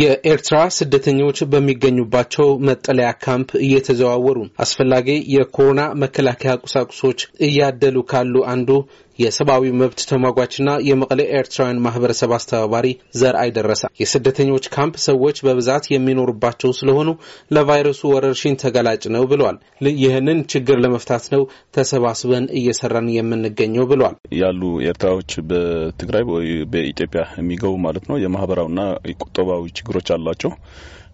የኤርትራ ስደተኞች በሚገኙባቸው መጠለያ ካምፕ እየተዘዋወሩ አስፈላጊ የኮሮና መከላከያ ቁሳቁሶች እያደሉ ካሉ አንዱ የሰብአዊ መብት ተሟጓችና የመቀሌ ኤርትራውያን ማህበረሰብ አስተባባሪ ዘር አይደረሳ የስደተኞች ካምፕ ሰዎች በብዛት የሚኖሩባቸው ስለሆኑ ለቫይረሱ ወረርሽኝ ተጋላጭ ነው ብሏል። ይህንን ችግር ለመፍታት ነው ተሰባስበን እየሰራን የምንገኘው ብሏል። ያሉ ኤርትራዎች በትግራይ ወይ በኢትዮጵያ የሚገቡ ማለት ነው የማህበራዊና ቁጠባዊ ችግሮች አላቸው።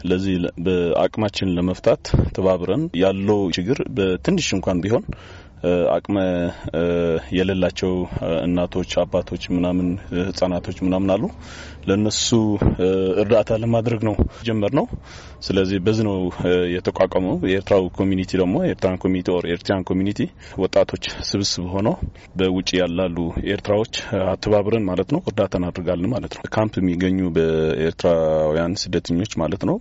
ለዚህ በአቅማችን ለመፍታት ተባብረን ያለው ችግር በትንሽ እንኳን ቢሆን አቅመ የሌላቸው እናቶች፣ አባቶች፣ ምናምን ህጻናቶች ምናምን አሉ። ለነሱ እርዳታ ለማድረግ ነው ጀመር ነው። ስለዚህ በዚህ ነው የተቋቋመው። የኤርትራው ኮሚኒቲ ደግሞ ኤርትራን ኮሚኒቲ ኦር ኤርትራን ኮሚኒቲ ወጣቶች ስብስብ ሆነው በውጭ ያላሉ ኤርትራዎች አተባብረን ማለት ነው እርዳታ እናደርጋለን ማለት ነው። ካምፕ የሚገኙ በኤርትራውያን ስደተኞች ማለት ነው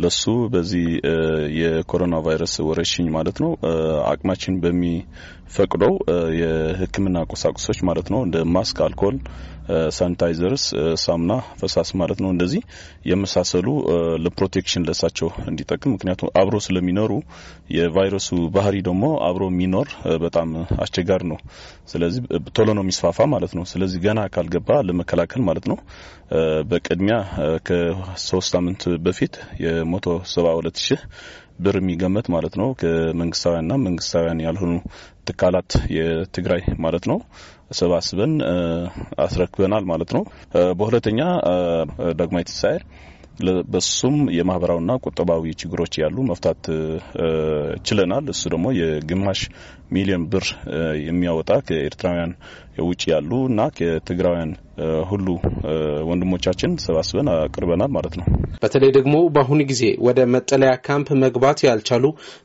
ለሱ በዚህ የኮሮና ቫይረስ ወረርሽኝ ማለት ነው አቅማችን በሚፈቅደው የሕክምና ቁሳቁሶች ማለት ነው እንደ ማስክ፣ አልኮል፣ ሳኒታይዘርስ፣ ሳሙና ፈሳስ ማለት ነው እንደዚህ የመሳሰሉ ለፕሮቴክሽን ለሳቸው እንዲጠቅም ምክንያቱም አብሮ ስለሚኖሩ የቫይረሱ ባህሪ ደግሞ አብሮ የሚኖር በጣም አስቸጋሪ ነው። ስለዚህ ቶሎ ነው የሚስፋፋ ማለት ነው። ስለዚህ ገና ካልገባ ለመከላከል ማለት ነው በቅድሚያ ከሶስት ሳምንት በፊት ሞቶ ሰባ ሁለት ሺህ ብር የሚገመት ማለት ነው ከመንግስታውያንና መንግስታውያን ያልሆኑ ትካላት የትግራይ ማለት ነው ሰባስበን አስረክበናል ማለት ነው። በሁለተኛ ዳግማዊ ትንሳኤ በሱም የማህበራዊና ቁጠባዊ ችግሮች ያሉ መፍታት ችለናል። እሱ ደግሞ የግማሽ ሚሊዮን ብር የሚያወጣ ከኤርትራውያን ውጭ ያሉ እና ከትግራውያን ሁሉ ወንድሞቻችን ሰባስበን አቅርበናል ማለት ነው። በተለይ ደግሞ በአሁኑ ጊዜ ወደ መጠለያ ካምፕ መግባት ያልቻሉ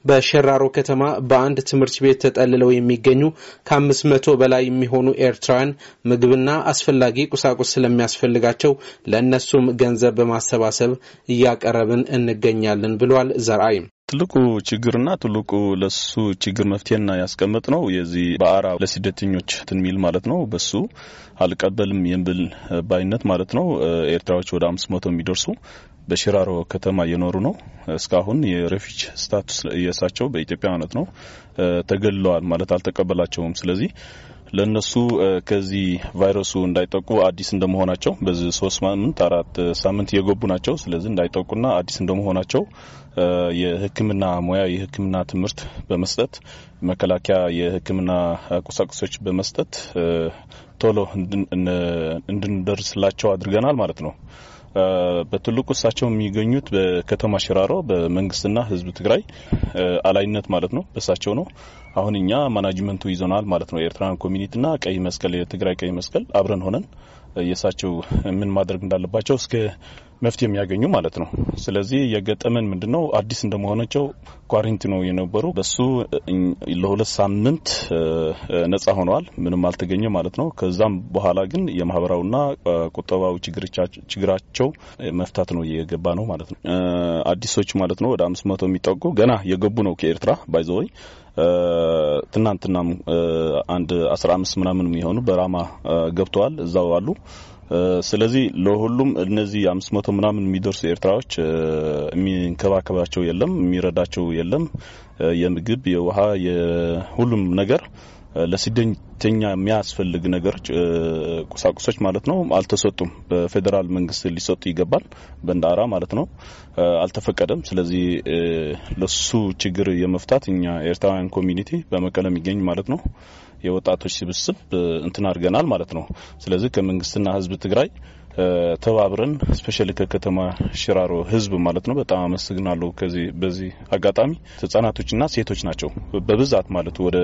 በሸራሮ ከተማ በአንድ ትምህርት ቤት ተጠልለው የሚገኙ ከአምስት መቶ በላይ የሚሆኑ ኤርትራውያን ምግብና አስፈላጊ ቁሳቁስ ስለሚያስፈልጋቸው ለእነሱም ገንዘብ በማሰባሰብ እያቀረብን እንገኛለን ብሏል። ዘርአይም ትልቁ ችግርና ትልቁ ለሱ ችግር መፍትሄና ያስቀመጥ ነው የዚህ በአራ ለስደተኞች ትንሚል ማለት ነው። በሱ አልቀበልም የሚል ባይነት ማለት ነው። ኤርትራዎች ወደ አምስት መቶ የሚደርሱ በሽራሮ ከተማ እየኖሩ ነው። እስካሁን የሬፊጅ ስታቱስ የእሳቸው በኢትዮጵያ ማለት ነው ተገልለዋል ማለት አልተቀበላቸውም። ስለዚህ ለነሱ ከዚህ ቫይረሱ እንዳይጠቁ አዲስ እንደመሆናቸው በዚህ ሶስት ሳምንት አራት ሳምንት እየገቡ ናቸው። ስለዚህ እንዳይጠቁና አዲስ እንደመሆናቸው የሕክምና ሙያ የሕክምና ትምህርት በመስጠት መከላከያ የሕክምና ቁሳቁሶች በመስጠት ቶሎ እንድንደርስላቸው አድርገናል ማለት ነው። በትልቁ እሳቸው የሚገኙት በከተማ ሽራሮ በመንግስትና ህዝብ ትግራይ አላይነት ማለት ነው። በእሳቸው ነው። አሁን እኛ ማናጅመንቱ ይዘናል ማለት ነው። የኤርትራን ኮሚኒቲና ቀይ መስቀል የትግራይ ቀይ መስቀል አብረን ሆነን የእሳቸው ምን ማድረግ እንዳለባቸው እስከ መፍትሄ የሚያገኙ ማለት ነው። ስለዚህ የገጠመን ምንድነው አዲስ እንደመሆናቸው ኳሪንቲኖ የነበሩ በሱ ለሁለት ሳምንት ነጻ ሆነዋል። ምንም አልተገኘ ማለት ነው። ከዛም በኋላ ግን የማህበራዊና ቁጠባዊ ችግራቸው መፍታት ነው የገባ ነው ማለት ነው። አዲሶች ማለት ነው ወደ አምስት መቶ የሚጠጉ ገና የገቡ ነው ከኤርትራ ባይዘወይ ትናንትናም አንድ አስራ አምስት ምናምን የሚሆኑ በራማ ገብተዋል እዛው አሉ። ስለዚህ ለሁሉም እነዚህ አምስት መቶ ምናምን የሚደርሱ ኤርትራዎች የሚንከባከባቸው የለም፣ የሚረዳቸው የለም። የምግብ፣ የውሃ፣ የሁሉም ነገር ለስደተኛ የሚያስፈልግ ነገሮች ቁሳቁሶች ማለት ነው አልተሰጡም። በፌዴራል መንግስት ሊሰጡ ይገባል። በንዳራ ማለት ነው አልተፈቀደም። ስለዚህ ለሱ ችግር የመፍታት እኛ ኤርትራውያን ኮሚኒቲ በመቀለ የሚገኝ ማለት ነው የወጣቶች ስብስብ እንትን አድርገናል ማለት ነው። ስለዚህ ከመንግስትና ህዝብ ትግራይ ተባብረን ስፔሻሊ ከከተማ ሽራሮ ህዝብ ማለት ነው በጣም አመሰግናለሁ። ከዚህ በዚህ አጋጣሚ ህጻናቶችና ሴቶች ናቸው በብዛት ማለት ወደ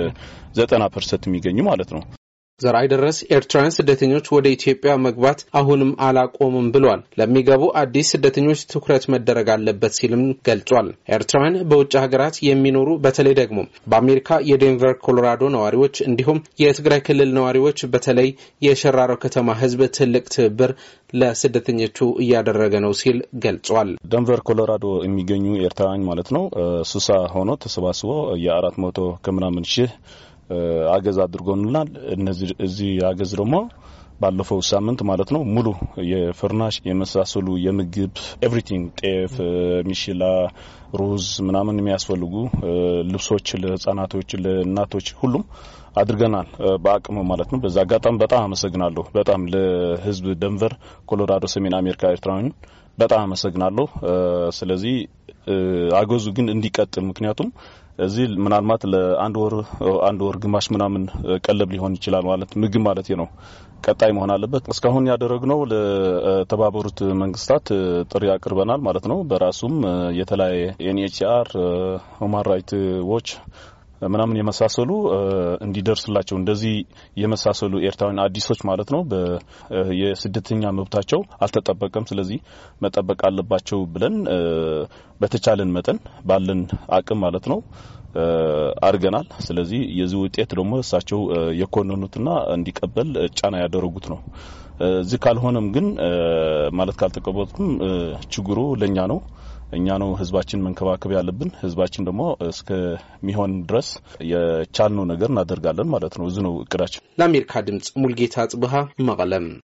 ዘጠና ፐርሰንት የሚገኙ ማለት ነው። ዘር ደረስ ኤርትራውያን ስደተኞች ወደ ኢትዮጵያ መግባት አሁንም አላቆምም ብሏል። ለሚገቡ አዲስ ስደተኞች ትኩረት መደረግ አለበት ሲልም ገልጿል። ኤርትራውያን በውጭ ሀገራት የሚኖሩ በተለይ ደግሞ በአሜሪካ የዴንቨር ኮሎራዶ ነዋሪዎች እንዲሁም የትግራይ ክልል ነዋሪዎች በተለይ የሸራሮ ከተማ ህዝብ ትልቅ ትብብር ለስደተኞቹ እያደረገ ነው ሲል ገልጿል። ደንቨር ኮሎራዶ የሚገኙ ኤርትራውያን ማለት ነው ሱሳ ሆኖ ተሰባስቦ የአራት መቶ ከምናምን ሺህ አገዝ አድርጎንልናል። እነዚህ እዚህ አገዝ ደግሞ ባለፈው ሳምንት ማለት ነው ሙሉ የፍርናሽ የመሳሰሉ የምግብ ኤቭሪቲንግ ጤፍ፣ ሚሽላ፣ ሩዝ ምናምን የሚያስፈልጉ ልብሶች ለህጻናቶች፣ ለእናቶች ሁሉም አድርገናል በአቅሙ ማለት ነው። በዛ አጋጣሚ በጣም አመሰግናለሁ። በጣም ለህዝብ ደንቨር ኮሎራዶ፣ ሰሜን አሜሪካ ኤርትራውያን በጣም አመሰግናለሁ። ስለዚህ አገዙ ግን እንዲቀጥል ምክንያቱም እዚህ ምናልባት ለአንድ ወር አንድ ወር ግማሽ ምናምን ቀለብ ሊሆን ይችላል ማለት ምግብ ማለት ነው። ቀጣይ መሆን አለበት። እስካሁን ያደረግነው ለተባበሩት መንግስታት ጥሪ አቅርበናል ማለት ነው። በራሱም የተለያየ ኤንኤችሲአር፣ ሁማን ራይት ዎች ምናምን የመሳሰሉ እንዲደርስላቸው እንደዚህ የመሳሰሉ ኤርትራውያን አዲሶች ማለት ነው የስደተኛ መብታቸው አልተጠበቀም። ስለዚህ መጠበቅ አለባቸው ብለን በተቻለን መጠን ባለን አቅም ማለት ነው አድርገናል። ስለዚህ የዚህ ውጤት ደግሞ እሳቸው የኮነኑትና እንዲቀበል ጫና ያደረጉት ነው። እዚህ ካልሆነም ግን ማለት ካልተቀበልኩም ችግሩ ለኛ ነው። እኛ ነው ህዝባችን መንከባከብ ያለብን። ህዝባችን ደግሞ እስከሚሆን ድረስ የቻልነው ነገር እናደርጋለን ማለት ነው። እዚ ነው እቅዳችን። ለአሜሪካ ድምጽ ሙልጌታ ጽብሃ መቀለም